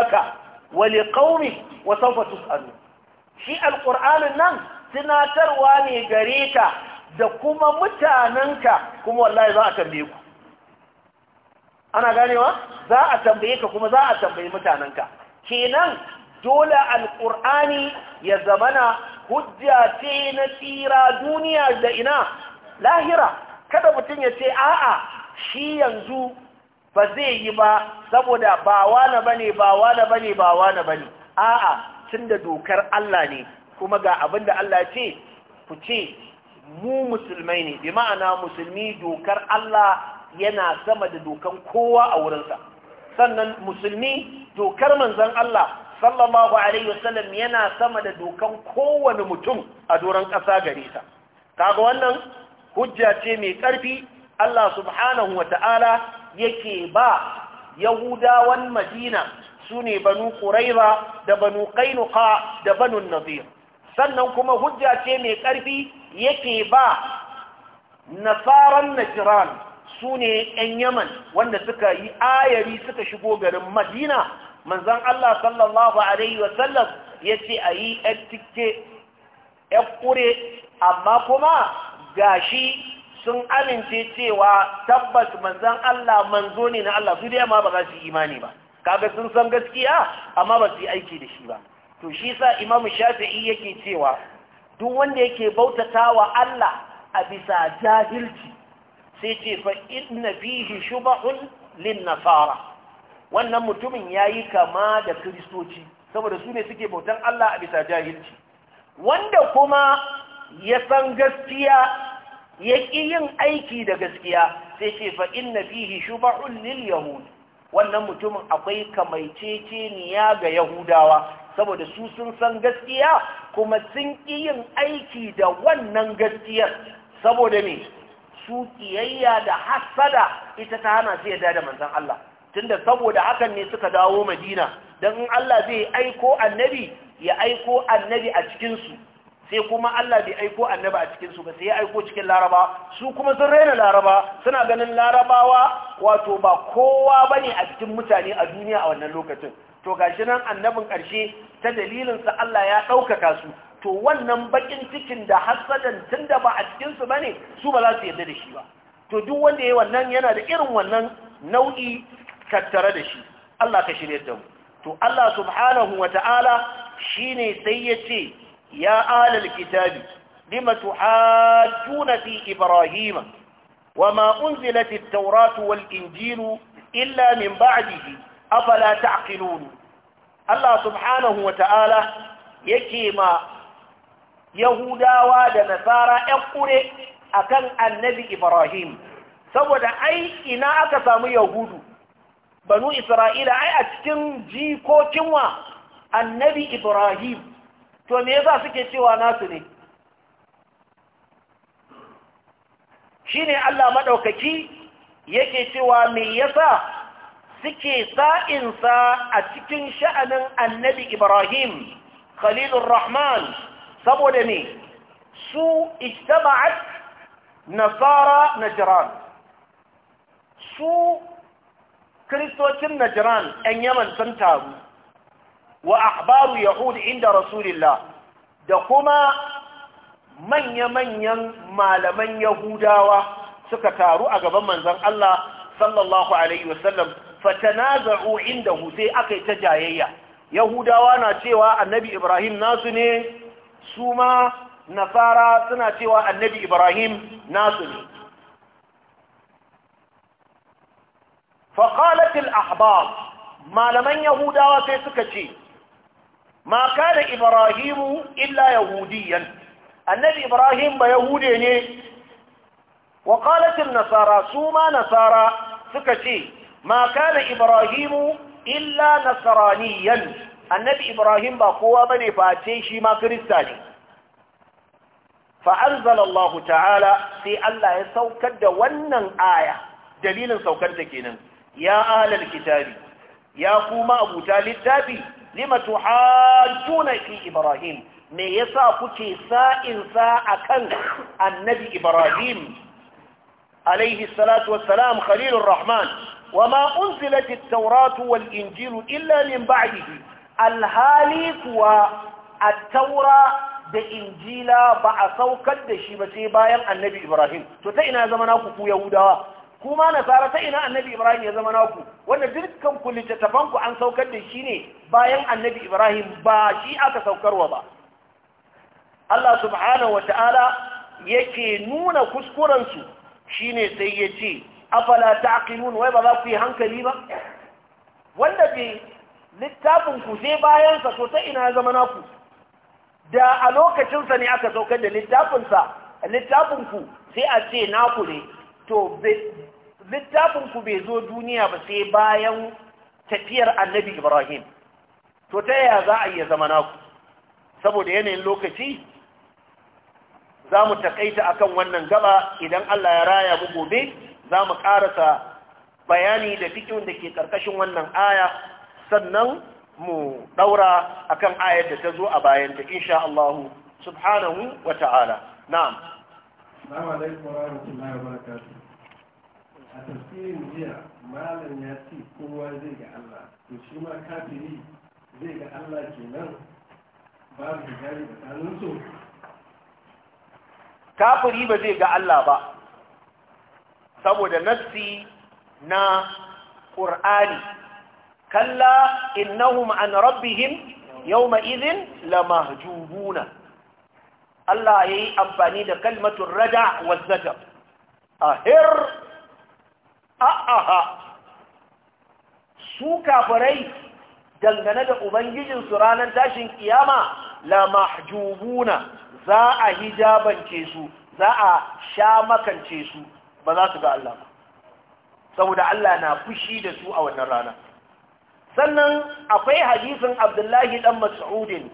laka wa liqaumi wa sawfa tusalu shi alqur'anin nan tunatarwa ne gare ka da kuma mutanenka kuma wallahi za a tambaye ku ana ganewa za a tambaye ka kuma za a tambayi mutanenka kenan dole alqur'ani ya zamana hujjace na tsira duniya da ina lahira kada mutum ya ce a'a shi yanzu ba zai yi ba saboda ba wani bane ba wani bane ba wani bane a'a da dokar Allah ne kuma ga abin da Allah ce ku ce mu musulmai ne bi ma'ana musulmi dokar Allah yana sama da dokan kowa a wurinsa sannan musulmi dokar manzon Allah sallallahu alaihi wasallam yana sama da dokan kowane mutum a doron ƙasa gare sa kaga wannan hujja ce mai ƙarfi Allah subhanahu Ta'ala. yake ba yahudawan madina su ne banu Ƙuraira da banu ƙainuka da banu nazir sannan kuma hujja ce mai ƙarfi yake ba nasaran najiran su ne ‘yan yaman wanda suka yi ayari suka shigo garin madina manzan Allah sallallahu Alaihi wasallam ya ce a yi ‘yan tikke ‘yan ƙure amma kuma gashi sun amince cewa tabbas manzan Allah manzo ne na Allah su dai ma ba za su imani ba kaga sun san gaskiya amma ba su yi aiki da shi ba to shi sa imamu shafi'i yake cewa duk wanda yake bautatawa Allah a bisa jahilci sai ce fa inna fihi shubahun lin nasara wannan mutumin yayi kama da kristoci saboda su ne suke bautan Allah a bisa jahilci wanda kuma ya san gaskiya ya yin aiki da gaskiya sai ce fa inna fihi shubahun lil yahud wannan mutumin akwai kamaiceceniya ga yahudawa saboda su sun san gaskiya kuma sun ƙi yin aiki da wannan gaskiyar saboda me su kiyayya da hasada ita ta hana su yarda da manzon Allah tunda saboda hakan ne suka dawo Madina dan in Allah zai aiko annabi ya aiko annabi a cikin su sai kuma Allah bai aiko annaba a cikinsu ba sai ya aiko cikin laraba su kuma sun raina laraba suna ganin larabawa wato ba kowa ba a cikin mutane a duniya a wannan lokacin to gashi nan annabin ƙarshe ta dalilinsa Allah ya ɗaukaka su to wannan baƙin cikin da hasadan tun da ba a cikinsu ba ne su ba za su yarda da shi ba to duk wanda ya wannan yana da irin wannan nau'i tattare da shi Allah ka shirya da mu to Allah subhanahu wa ta'ala shine sai ya ce ya alal kitabi lima tuhajjuna fi ibrahima wama unzilat at-tauratu wal injilu illa min ba'dihi afala ta'qilun Allah subhanahu wa ta'ala yake ma Yahudawa da Nasara ‘yan ƙure a kan annabi Ibrahim, saboda ai ina aka samu Yahudu, banu Isra'ila ai a cikin jikokinwa annabi Ibrahim to me yasa suke cewa nasu ne shine Allah madaukaki yake cewa me yasa suke sa'insa a cikin sha'anin annabi Ibrahim Khalilur Rahman saboda ne su ijtama'at nasara najran su kristocin najran ɗan yaman sun taru wa ahbaru yahud inda rasulillah da kuma manya-manyan malaman yahudawa suka taru a gaban manzon Allah sallallahu alaihi wasallam fatanaza'u indahu sai aka yi ta jayayya yahudawa na cewa annabi ibrahim nasu ne su ma nasara suna cewa annabi ibrahim nasu ne faƙalatul ahbab malaman yahudawa sai suka ce ma da ibrahimu illa yahudiyan annabi ibrahim ba yahude ne wa qalatin nasara suma nasara suka ce ma da ibrahimu illa nasraniyan annabi ibrahim ba kowa bane face shi ma krista ne فأنزل الله تعالى في الله يسوكد ونن آية دليل سوكد كينا يا أهل الكتاب يا قوم أبو تالي التابي lima tuhajjuna fi ibrahim me yasa kuke sa'in sa akan annabi ibrahim Alayhi salatu wassalam khalilur rahman wama unzilat at-tauratu wal injilu illa min ba'dihi alhali kuwa at-taura da injila ba a saukar da shi ba sai bayan annabi ibrahim to ta ina zama naku ku yahudawa kuma nasara ta ina annabi ibrahim ya zama naku wanda dukkan ku littattafan ku an saukar da shi ne bayan annabi ibrahim ba shi aka saukarwa ba Allah subhanahu wata'ala yake nuna kuskurensu shine sai ya ce afala ta'qilun wai ba za ku yi hankali ba wanda ke littafin sai bayan to ta ina zama naku da a lokacinsa ne aka saukar da littafinsa? Littafinku sai a ce naku ne to bai zo duniya ba sai bayan tafiyar annabi Ibrahim to ta yaya za a iya zama naku saboda yanayin lokaci za mu takaita akan wannan gaba idan Allah ya raya mu gobe za mu karasa bayani da fikin da ke karkashin wannan aya sannan mu daura akan ayar da ta zo a bayanta insha Allah subhanahu wa ta'ala na'am assalamu alaikum wa rahmatullahi wa barakatuh a tafsirin jiya malam ya ce kowa zai ga Allah to shi ma kafiri zai ga Allah kenan babu hijabi tsakanin su kafiri ba zai ga Allah ba saboda nassi na ƙur'ani kalla innahum an rabbihim yawma idhin lamahjubuna Allah yayi amfani da kalmatun rada wa zakab ahir a'aha su kafirai dangane da ubangijin su ranar tashin kiyama la mahjubuna za a hijabance su za a sha makance su ba za su ga Allah ba saboda Allah na fushi da su a wannan rana sannan akwai hadisin Abdullahi dan Mas'udin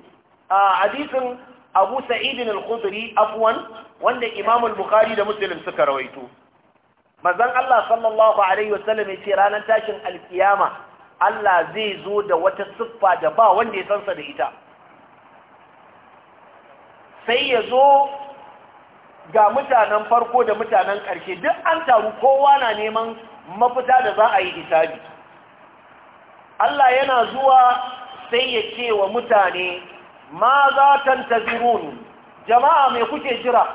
a hadisin Abu Sa'id al-Khudri afwan wanda Imam al-Bukhari da Muslim suka rawaito manzon Allah sallallahu alaihi wasallam ce ranar tashin alƙiyama. Allah zai zo da wata siffa da ba wanda ya sansa da ita sai ya zo ga mutanen farko da mutanen ƙarshe duk an taru kowa na neman mafita da za a yi isabi Allah yana zuwa sai ya ce wa mutane ma za tantazirun jama'a mai kuke jira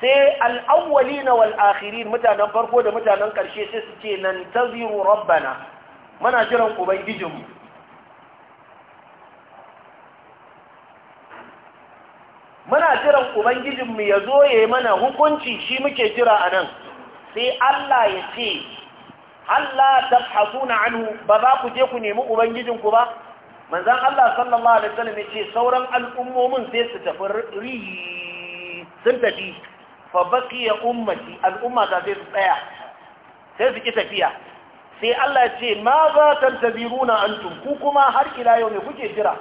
sai al'awwali na wal'akhirin mutanen farko da mutanen ƙarshe sai su ce nan taziru rabbana muna jiran ubangijinmu muna jiran ubangijinmu ya zo ya yi mana hukunci shi muke jira a nan sai Allah ya ce Allah ta na anu ba za ku je ku nemi ubangijinku ba manzan Allah sallallahu alaihi wasallam ya ce sauran al'ummomin sai su tafi rihi sun tafi fa ya ummati al'umma ta sai su tsaya sai su ki tafiya sai Allah ce ma za ta tabiruna antum ku kuma har ila yau ne kuke jira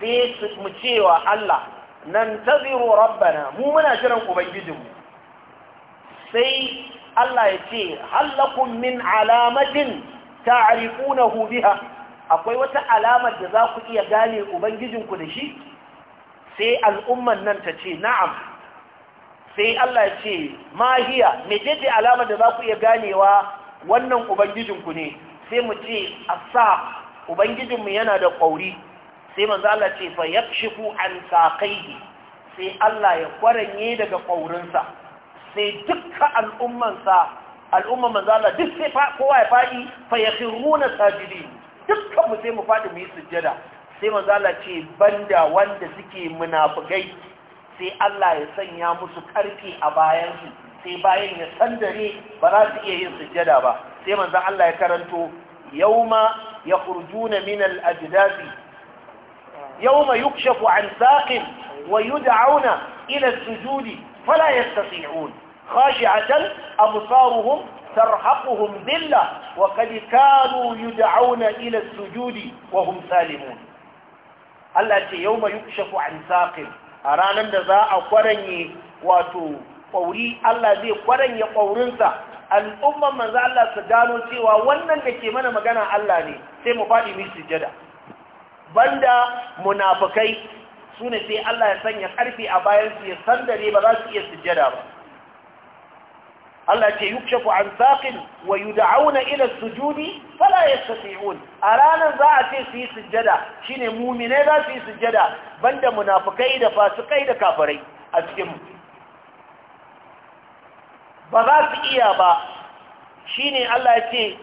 sai mu cewa Allah nan taziru rabbana mu muna jiran ubangijinmu sai Allah ya ce hallakun min alamatin ta'rifunahu biha akwai wata alamar da za ku iya gane ubangijinku da shi sai al'umman nan ta ce na'am sai Allah ya ce mahiya me alamar da za ku iya ganewa wannan ubangijinku ne sai mu ce a sa ubangijinmu yana da ƙauri sai manzo Allah ce fa yakshifu an saqaihi sai Allah ya kwaranye daga ƙaurinsa sai dukkan al'ummansa al'umman manzo Allah duk sai kowa ya fadi fa yakhiruna sajidin dukkan mu sai mu fadi mu yi sujjada sai manzo Allah ce banda wanda suke munafikai sai Allah ya sanya musu karfi a bayansu sai bayan ya sandare ba za su iya yin sujjada ba sai manzon Allah ya karanto yauma yakhrujuna min al-ajdasi yauma yukshafu an saƙin wa yud'auna ila sujudi fala yastati'un khashi'atan absaruhum ترهقهم ذلة وقد كانوا ila إلى السجود وهم سالمون Allah ce yau yi yukshafu an saƙin a ranar da za a kwaranye wato Ƙauri Allah zai kwaran ya ƙwaurinsa al'umman manzo Allah su gano cewa wannan da ke mana magana Allah ne sai mu faɗi mu sujjada banda munafikai sune sai Allah ya sanya ƙarfi a bayan su ya sandare ba za su iya sujjada ba Allah ce yukshafu an saqin wa yud'auna ila sujudi fala yastati'un a ranar za a ce su yi sujjada shine mu'mine za su yi sujjada banda munafikai da fasikai da kafirai a cikin mu ba za su iya ba shine Allah ya ce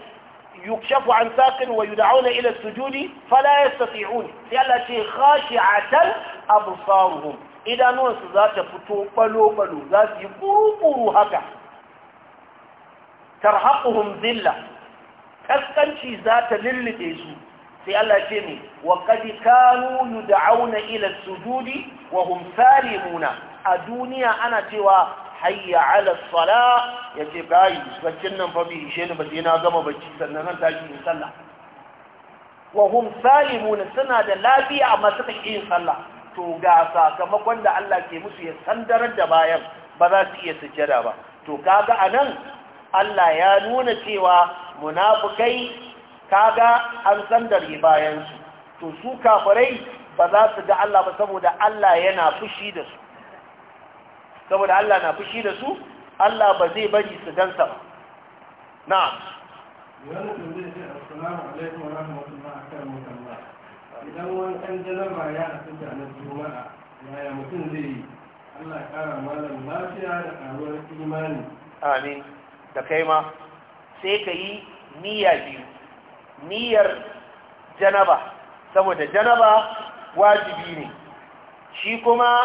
yukshafu an saqin wa yud'auna ila sujudi fala yastati'un sai Allah ya ce khashi'atan absaruhum idanuwansu za ta fito balo-balo za su yi kuru-kuru haka tarhaquhum zilla kaskanci za ta lullube su sai Allah ce ne wa qad kanu yud'auna ila sujudi wa hum muna. a duniya ana cewa hayya ala sala ya ce bayi baccin nan fa ishe ni sai na gama bacci sannan nan tashi sallah wa hum salimun suna da lafiya amma suka ki yin sallah to ga sakamakon da Allah ke musu ya sandarar da bayan ba za su iya sujjada ba to kaga anan Allah ya nuna cewa munafukai kaga an sandar bayan su to su kafirai ba za su ga Allah ba saboda Allah yana fushi da su saboda Allah na fushi da su Allah ba zai bari su gansa ba na'am idan wani ya da na mutum zai yi ƙara lafiya da imani amin da kai ma sai ka yi niyya biyu niyyar janaba saboda janaba wajibi ne shi kuma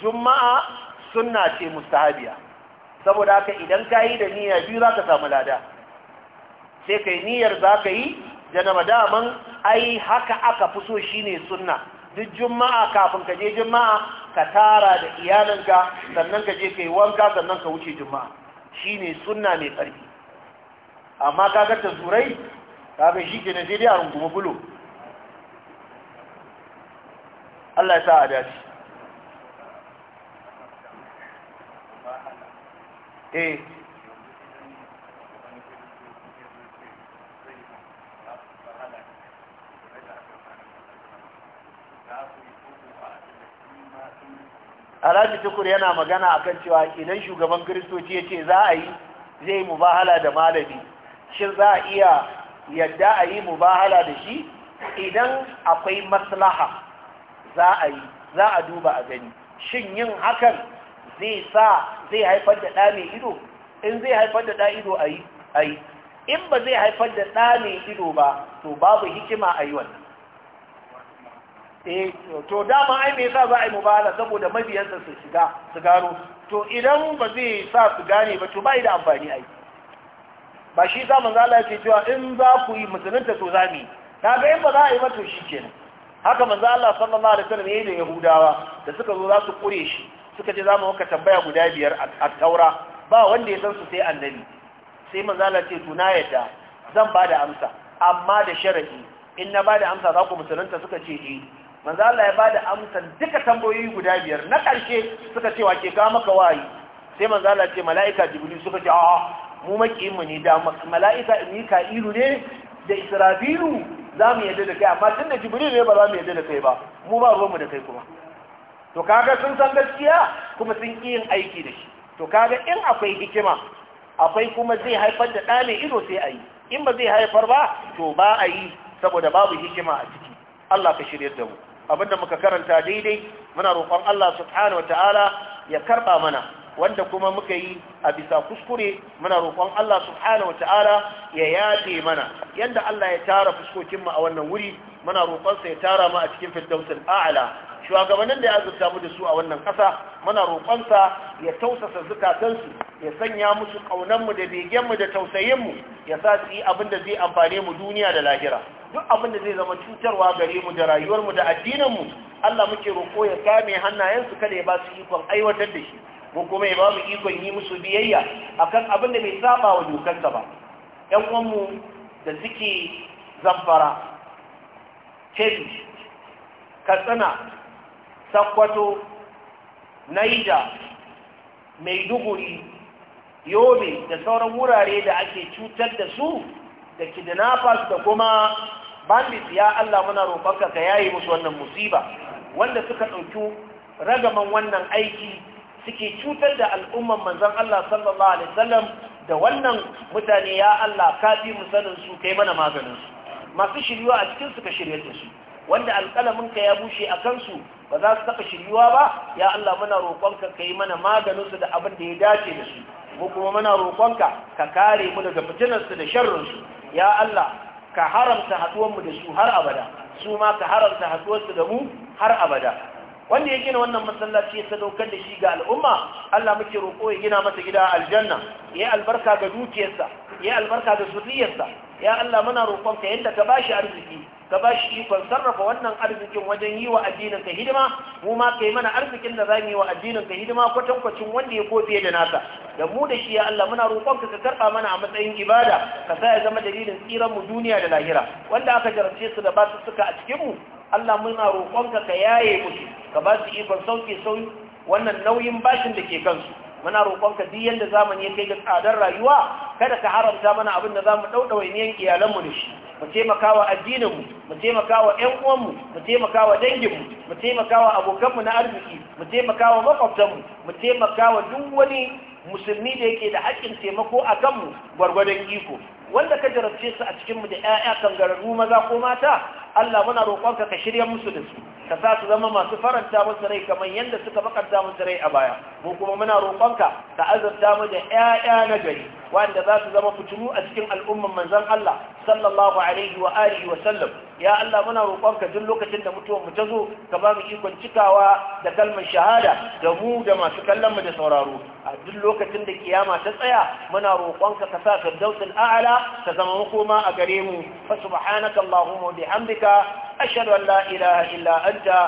juma'a sunna ce mustahabiya saboda haka idan ka yi da niyya biyu za ka samu lada sai kai niyyar za ka yi janaba daman ai haka aka fi so shi ne sunna duk juma'a kafin ka je juma'a ka tara da iyalinka sannan ka je ka yi wanka sannan ka wuce juma'a shi ne sunna mai ƙarfi amma kaga ta zurai kaga shi ke na najeriya rungumi bulo Allah ya sa a dace Eh. alhaji tukur yana magana akan cewa idan shugaban kiristoci ya ce za a yi zai mubahala da malami shin za a iya yadda a yi mubahala da shi idan akwai maslaha za a yi za a duba a gani shin yin hakan zai sa zai haifar da ɗa mai ido in zai haifar da ɗa ido a yi in ba zai haifar da ɗa mai ido ba to babu hikima a yi wannan eh, to dama ai me yasa za a yi mubala saboda mabiyansa su shiga su gano to idan ba zai sa su gane ba to bai da amfani a yi. ba shi sa mu Allah ce cewa in za ku yi musulunta to za mu ga in ba za a yi ba to kenan haka manzo Allah sallallahu alaihi wasallam yayin da Yahudawa da suka zo za su kure shi suka ce za mu maka tambaya guda biyar a taura ba wanda ya san su sai annabi sai manzala ce tuna yadda zan ba da amsa amma da sharadi in na ba da amsa za ku musulunta suka ce eh manzala ya ba da amsa duka tambayoyi guda biyar na ƙarshe suka ce wake ga maka wayi sai manzala ce mala'ika jibril suka ce a mu makiyin mu ne da mala'ika mika'ilu ne da israfilu za mu yadda da kai amma tun da jibril ne ba za mu yadda da kai ba mu ba ruwanmu da kai kuma to kaga sun san gaskiya kuma sun ƙi yin aiki da shi to kaga in akwai hikima akwai kuma zai haifar da ɗa mai ido sai a yi in ba zai haifar ba to ba a yi saboda babu hikima a ciki Allah ka shirya da mu abinda muka karanta daidai muna roƙon Allah subhanahu wataala ya karɓa mana wanda kuma muka yi a bisa kuskure muna roƙon Allah subhanahu wataala ya yafe mana yanda Allah ya tara fuskokinmu a wannan wuri muna roƙonsa ya tara mu a cikin firdausul a'la shugabannin da ya zuta mu da su a wannan ƙasa muna roƙonsa ya tausasa zukatansu ya sanya musu ƙaunanmu da begenmu da tausayin mu, ya sa su yi abin da zai amfane mu duniya da lahira duk abin da zai zama cutarwa gare mu da rayuwarmu da mu, Allah muke roƙo ya kame hannayensu kada ya ba su ikon aiwatar da shi ko kuma ya ba mu ikon yi musu biyayya akan abin da bai saba wa dokarsa ba ƴan uwanmu da suke zamfara kebi katsina sakkwato naija maiduguri yobe da sauran wurare da ake cutar da su da kidnappers da kuma bandits ya Allah muna roƙonka ka yayi musu wannan musiba wanda suka ɗauki ragaman wannan aiki suke cutar da al'umman manzon Allah sallallahu alaihi wasallam da wannan mutane ya Allah ka fi mu sanin su kai mana maganin su masu shiryuwa a cikin suka shirye da su wanda alƙalamin ka ya bushe a kansu ba za su taɓa shiryuwa ba ya Allah muna roƙonka ka yi mana maganinsu da abin da ya dace da su ko kuma muna roƙonka ka kare mu daga fitinarsu da sharrinsu ya Allah ka haramta haɗuwanmu da su har abada su ma ka haramta haɗuwarsu da mu har abada wanda ya gina wannan masallaci ya sadaukar da shi ga al'umma Allah muke roƙo ya gina masa gida aljanna ya albarka ga dukiyarsa ya albarka ga zuriyarsa ya Allah muna roƙon ka yadda ka bashi arziki ka bashi ikon sarrafa wannan arzikin wajen yi wa addinin ka hidima mu ma kai mana arzikin da zamu yi wa addinin ka hidima kwatankwacin wanda ya kofi da nasa da mu da shi ya Allah muna roƙon ka ka karba mana a matsayin ibada ka sa ya zama dalilin tsiran mu duniya da lahira wanda aka jarabce su da basu suka a cikin mu Allah muna roƙon ka ka yaye musu ka ba su ikon sauki sauyi wannan nauyin bashin da ke kansu muna roƙonka duk yadda zamani ya kai ga tsadar rayuwa kada ka haramta mana abin da zamu daudawa niyan iyalanmu da shi mu taimakawa addininmu mu taimakawa ƴan uwanmu mu taimakawa danginmu mu taimakawa abokanmu na arziki mu taimakawa makwabtanmu mu taimakawa duk wani musulmi da yake da haƙƙin taimako a kanmu gwargwadon iko wanda ka jarabce su a cikinmu mu da yaya kangararru maza ko mata Allah muna roƙonka ka shirya musu da su ka sa su zama masu faranta musu rai kamar yadda suka bakanta musu rai a baya mu kuma muna roƙonka ka azurta mu da 'ya'ya na gari wanda za su zama fitilu a cikin al'umman manzon Allah sallallahu alaihi wa alihi wa sallam ya Allah muna roƙonka duk lokacin da mutuwar mu ta zo ka ba mu ikon cikawa da kalmar shahada da mu da masu kallon mu da sauraro a duk lokacin da kiyama ta tsaya muna roƙonka ka sa firdausul a'la ta zama makoma a gare mu fa subhanaka allahumma bihamdika ashhadu an la ilaha illa anta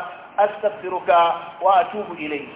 astaghfiruka wa atubu ilayk